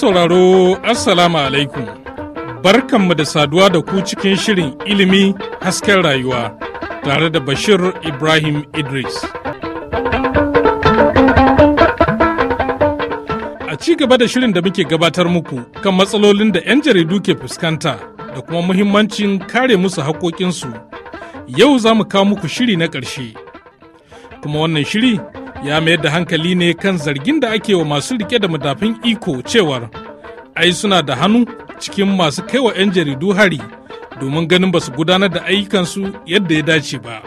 sauraro Assalamu alaikum. Barkanmu da saduwa da ku cikin shirin ilimi hasken rayuwa tare da Bashir Ibrahim Idris. A ci gaba da shirin da muke gabatar muku kan matsalolin da 'yan jaridu ke fuskanta da kuma muhimmancin kare musu haƙoƙinsu. Yau za mu kawo muku shiri na ƙarshe. Kuma wannan shiri ya mayar da hankali ne kan zargin da ake wa masu rike da madafin iko cewar ai suna da hannu cikin masu kaiwa 'yan jaridu hari domin ganin ba su gudanar da ayyukansu yadda ya dace ba.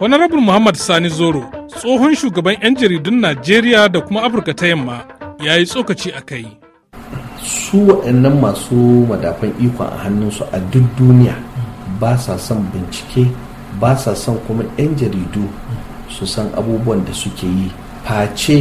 Honorable Muhammad Sani Zoro, tsohon shugaban 'yan jaridun Najeriya da kuma Afirka ta yamma, ya yi tsokaci a kai. Su waɗannan masu madafan ikon a hannunsu a duk duniya ba sa son bincike, ba sa son kuma 'yan jaridu su san abubuwan da suke yi face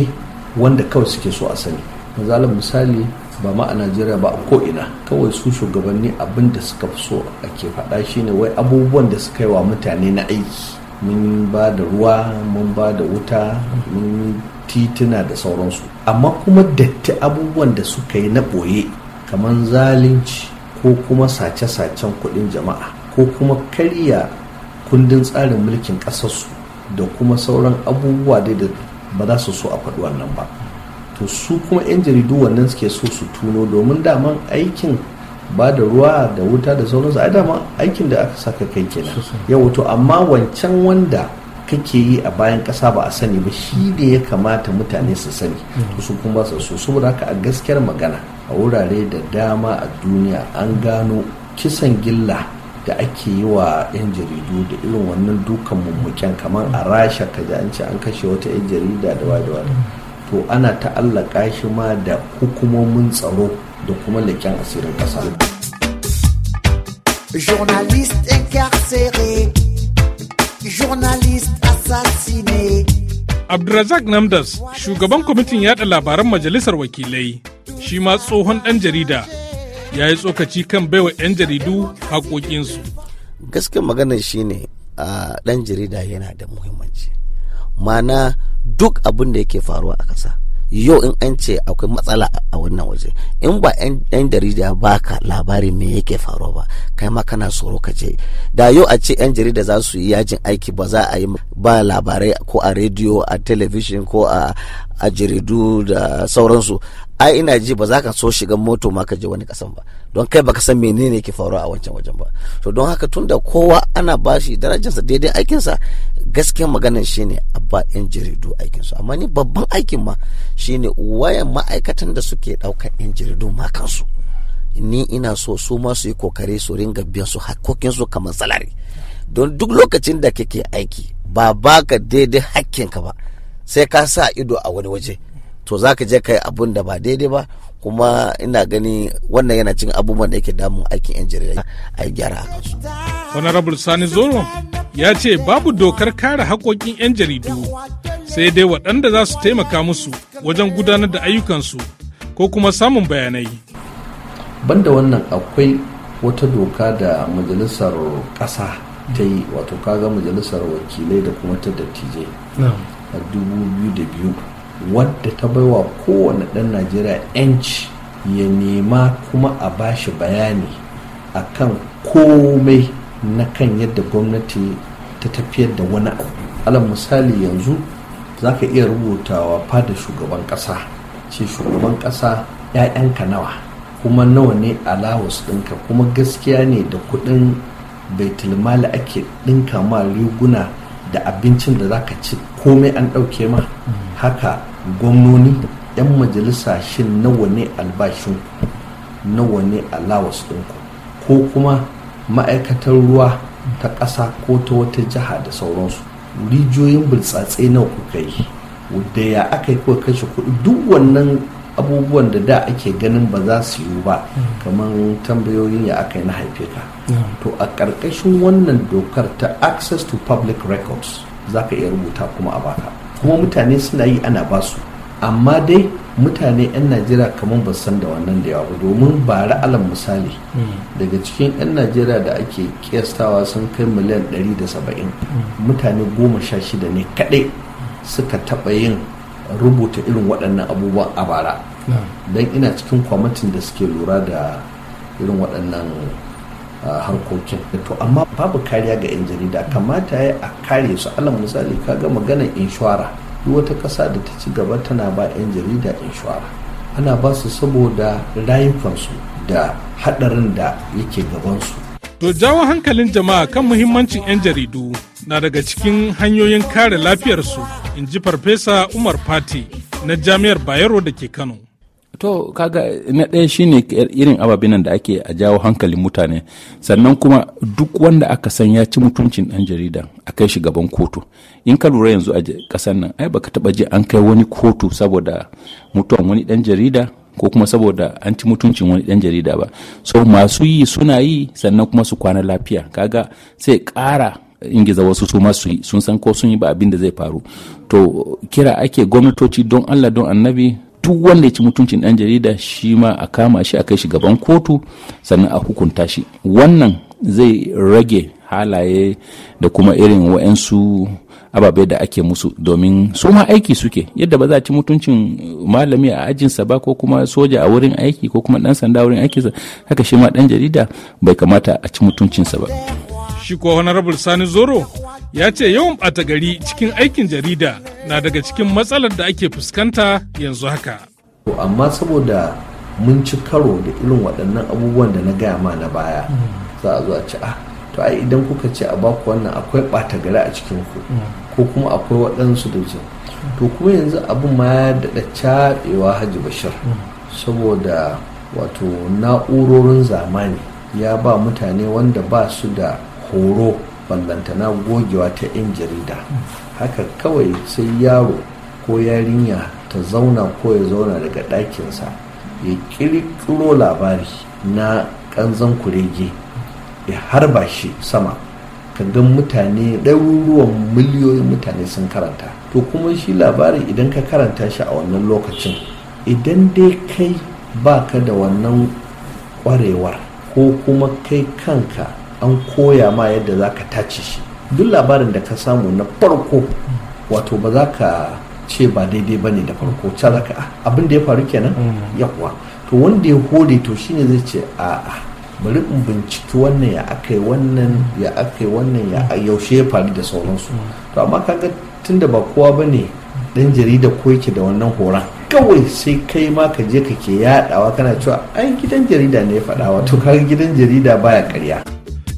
wanda kawai suke so a sani. mazalin misali ba ma a najeriya ba a ko'ina kawai su shugabanni abin da suka fi so ake faɗa shine wai abubuwan da suka yi wa mutane na aiki mun ba da ruwa mun ba da wuta mun tituna da sauransu amma kuma datti abubuwan da suka yi na ɓoye kamar zalunci ko kuma sace-sacen kuɗin jama'a ko kuma karya kundin tsarin mulkin ƙasarsu da kuma sauran abubuwa dai da ba za su so a faɗi wannan ba to su kuma 'yan jaridu wannan suke so su tuno domin daman aikin ba da ruwa da wuta da sauransu ai dama aikin da aka saka kai kenan yau to amma wancan wanda kake yi a bayan kasa ba a sani ba shi ne ya kamata mutane su sani mm. su kuma su so saboda haka a gaskiyar magana a wurare da dama a duniya an gano kisan gilla da ake yi wa 'yan jaridu da irin wannan dukan mummuken kamar a rasha ka ji an ce an kashe wata 'yan jarida da wadawa to ana ta'allaka shi ma da hukumomin tsaro da kuma leƙen asirin ƙasa. Abdulrazak Namdas, shugaban kwamitin yaɗa labaran majalisar wakilai, shi ma tsohon ɗan jarida, ya yi tsokaci kan baiwa 'yan jaridu haƙoƙinsu. Gaskiyar maganar shi ne a ɗan jarida yana da muhimmanci. Mana duk abin da yake faruwa a ƙasa yau in an ce akwai matsala a wannan waje in ba yan jarida ba ka labari me yake faruwa ba kai ma kana tsoro ka je da yau a ce yan jarida za su yi yajin aiki ba za a yi ba labarai ko a rediyo a television ko a jaridu da sauransu ai ina ji ba za ka so shiga moto ma ka je wani kasan ba don kai baka san menene ke faruwa a wancan wajen ba to don haka tunda kowa ana bashi darajarsa daidai aikinsa gaskiyar maganan shine a ba yan jaridu aikinsu amma ni babban aikin ma shine wayan ma'aikatan da suke ɗaukar yan jaridu ma kansu ni ina so su ma su yi kokari su ringa biyan su hakokinsu kamar salari don duk lokacin da kake aiki ba baka daidai hakkinka ba sai ka sa ido a wani waje to za ka je ka yi abun da ba daidai ba kuma ina gani wannan yana cin abubuwan da yake damun aikin yan jarida a gyara a kansu. honorable sani zoro ya ce babu dokar kare haƙoƙin yan jaridu sai dai waɗanda za su taimaka musu wajen gudanar da ayyukansu ko kuma samun bayanai. banda wannan akwai wata doka da majalisar ƙasa ta yi wato kaga majalisar wakilai da kuma ta dattijai a dubu biyu da biyu wadda ta bai wa kowane ɗan najeriya 'yanci ya nema kuma a bashi bayani a kan komai na kan yadda gwamnati ta tafiyar da wani abu alal misali yanzu za ka iya rubutawa fada shugaban ƙasa ce shugaban ƙasa 'ya'yanka nawa kuma nawa ne alawus ɗinka kuma gaskiya ne da kuɗin baitulmali ake ɗinka ma riguna da abincin da zaka ci komai an ɗauke ma haka gwamnoni 'yan majalisa shin nawa ne albashin nawa ne alawas ɗinku ko kuma ma'aikatar ruwa ta ƙasa ko ta wata jiha da sauransu rijiyoyin burtsatse nawa kuka yi da ya aka yi kuka kashe kuɗi duk wannan abubuwan da da ake ganin ba za su yiwu ba hmm. kamar tambayoyin ya aka yi na haife ka hmm. to a ƙarƙashin wannan dokar ta access to public records za ka iya rubuta kuma a baka kuma mutane suna yi ana basu amma dai mutane 'yan najeriya kamar ba san da wannan da yawa ba domin ba ra'alan misali hmm. daga cikin 'yan najeriya da ake kiyastawa sun kai miliyan 170 mutane goma sha shida ne kadai suka taɓa yin rubuta irin waɗannan abubuwan a bara don ina cikin kwamitin da suke lura da irin waɗannan harkokin to amma babu kariya ga 'yan jarida kamata ya a kare su alam misali ka ga maganar inshora duk wata ƙasa da ta ci gaba tana ba 'yan jarida inshora ana ba su saboda rayukansu da haɗarin da yake gabansu To jawo hankalin jama'a kan muhimmancin 'yan jaridu na daga cikin hanyoyin kare lafiyarsu, in ji Farfesa Umar Fati na Jami'ar Bayero da ke Kano. To kaga na ɗaya shine irin ababen da ake a jawo hankalin mutane sannan kuma duk wanda aka san ya ci mutuncin ɗan jarida a kai shi gaban kotu in ka lura yanzu a ƙasar nan ai baka taɓa ji an kai wani kotu saboda mutuwan wani ɗan jarida ko kuma saboda an ci mutuncin wani dan jarida ba so masu yi suna yi sannan kuma su kwana lafiya kaga sai ƙara ingiza wasu su masu yi sun san ko sun yi ba abin da zai faru to kira ake gwamnatoci don allah don annabi duk wanda ya ci mutuncin ɗan jarida shi ma a kama shi a kai shi gaban kotu sannan a hukunta shi wannan zai rage halaye da kuma irin waɗansu. ababe da ake musu domin su ma aiki suke yadda ba za a ci mutuncin malami a ajinsa ba ko kuma soja a wurin aiki ko kuma dan sanda a wurin aikinsa haka shi ma dan jarida bai kamata a ci mutuncinsa ba shi ko honorable sani zoro ya ce yawan ɓata gari cikin aikin jarida na daga cikin matsalar da ake fuskanta yanzu haka amma saboda mun ci karo da irin waɗannan abubuwan da na gaya ma na baya za a zo a ci ah to ai idan kuka ce a baku wannan akwai ɓata gari a cikin ku ko kuma akwai waɗansu da jin to kuma yanzu abin ma ya daɗa caɗewa hajji bashir saboda wato na'urorin zamani ya ba mutane wanda ba su da horo ballantana gogewa ta 'yan jarida haka kawai sai yaro ko yarinya ta zauna ko ya zauna daga ɗakinsa ya ƙirƙiro labari na ƙanzan kurege ya harba shi sama ka gan mutane ɗaruruwan miliyoyin mutane sun karanta to kuma shi labari idan ka karanta shi a wannan lokacin idan dai kai ba ka da wannan kwarewar ko kuma kai kanka an koya ma yadda za ka tace shi duk labarin da ka samu na farko wato ba za ka ce ba daidai ba ne da farko ca za ka ah, abin da ya faru kenan kuwa mm. to wanda ya hode to shine zai ce a'a bari in binciki wannan ya aka yi wannan ya aka yi wannan ya yaushe ya faru da sauransu to amma kaga tunda ba kowa ba ne dan jarida ko yake da wannan horon kawai sai kai ma ka je ka ke yadawa kana cewa ai gidan jarida ne ya faɗa to kaga gidan jarida baya karya.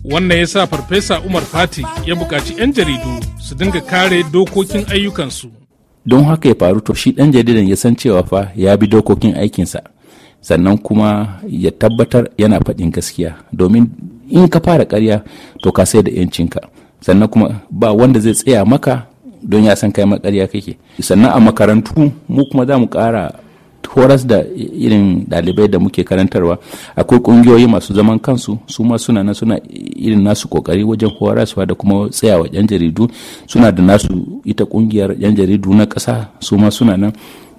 wannan ya sa farfesa umar fati ya buƙaci 'yan jaridu su dinga kare dokokin ayyukansu don haka ya faru to shi ɗan jaridan ya san cewa fa ya bi dokokin aikinsa sannan kuma ya tabbatar yana faɗin gaskiya domin in ka fara karya to ka sai da yancinka sannan kuma ba wanda zai tsaya maka don ya san kai makarya kake sannan a makarantu mu kuma za mu ƙara horas da irin ɗalibai da muke karantarwa akwai ƙungiyoyi masu zaman kansu su ma suna na suna irin nasu kokari wajen horaswa da kuma tsayawa yan jaridu suna da nasu ita ƙungiyar yan jaridu na ƙasa su ma suna nan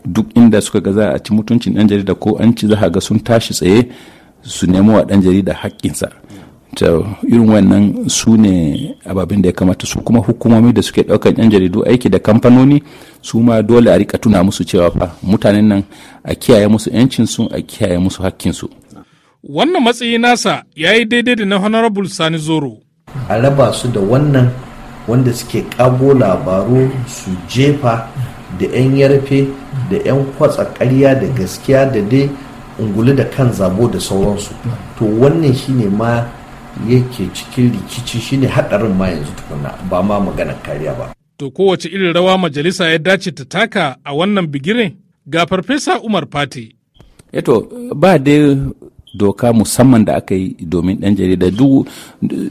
duk inda suka ga za a ci mutuncin ɗan jarida ko an ci za a ga sun tashi tsaye su nemo wa ɗan jarida haƙƙinsa ta irin wannan su ne ababin da ya kamata su kuma hukumomi da suke ɗaukar yan jaridu aiki da kamfanoni su ma dole a rika tuna musu cewa fa mutanen nan a kiyaye musu 'yancinsu a kiyaye musu haƙƙinsu wannan matsayi nasa ya yi daidai da na honorable sani zoro a raba su da wannan wanda suke kabo labaru su jefa da 'yan yarfe da 'yan kwatsa karya da gaskiya da dai ungulu da kan zabo da sauransu to wannan shine ma yake cikin rikici shine haɗarin ma yanzu tukuna ba ma maganar kariya ba to kowace irin rawa majalisa ya dace ta taka a wannan bigire ga farfesa umar fati eto eh ba dai doka musamman da aka yi domin ɗan jarida duk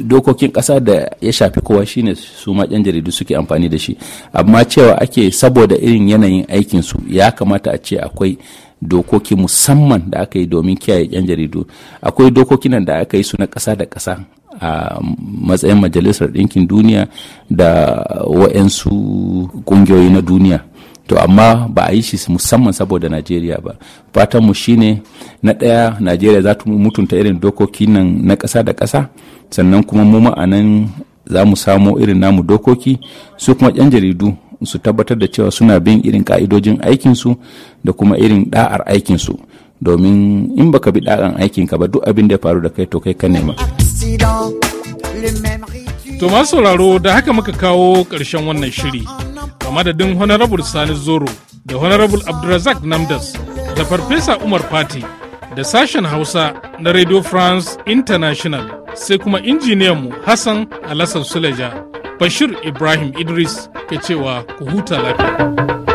dokokin ƙasa da ya shafi kowa shine su ma ɗan jaridu suke amfani da shi amma cewa ake saboda irin yanayin aikin su ya kamata a ce akwai dokoki musamman da aka yi domin kiyaye ɗan jaridu akwai dokokin nan da aka yi su na ƙasa da ƙasa a matsayin majalisar ɗinkin duniya da wa'yansu ƙungiyoyi na duniya to amma ba a yi shi musamman saboda najeriya ba fatan mu shine na ɗaya najeriya za ta mutunta irin dokoki nan na ƙasa da ƙasa sannan kuma mu ma'anan za mu samo irin namu dokoki su kuma yan jaridu su tabbatar da cewa suna bin irin ka'idojin aikinsu da kuma irin ɗa'ar aikinsu domin in baka bi da'ar aikinka ba duk abin da ya faru da kai to kai ka nema to masu sauraro da haka muka kawo karshen wannan shiri madadin honorable sani zoro da honorable abdulrazak namdas da farfesa umar fati da sashen hausa na radio france international sai kuma injiniyanmu hassan alassan suleja bashir ibrahim idris ke cewa ku huta lafiya